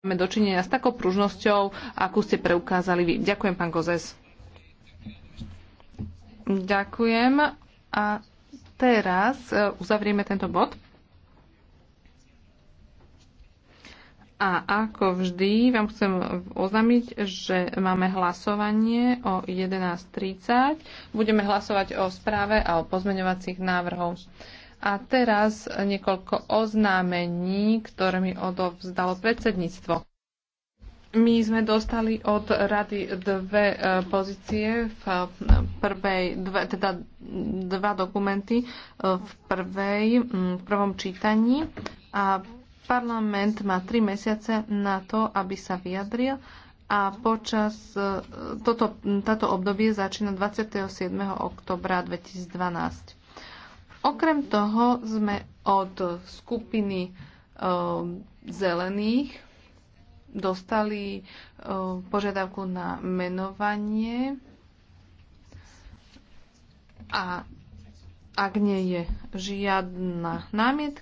máme dočinenia s takou pružnosťou, akú ste preukázali vy. Ďakujem, pán Kozes. Ďakujem. A teraz e, uzavrieme tento bod. A ako vždy vám chcem oznámiť, že máme hlasovanie o 11.30. Budeme hlasovať o správe a o pozmeňovacích návrhov. A teraz niekoľko oznámení, ktoré mi odovzdalo predsedníctvo. My sme dostali od rady dve e, pozície v e, prvej, dve, teda dva dokumenty e, v, prvej, v prvom čítaní a parlament má tri mesiace na to, aby sa vyjadril a počas toto, táto obdobie začína 27. oktobra 2012. Okrem toho sme od skupiny ehm, zelených dostali ehm, požiadavku na menovanie a ak nie je žiadna námietka,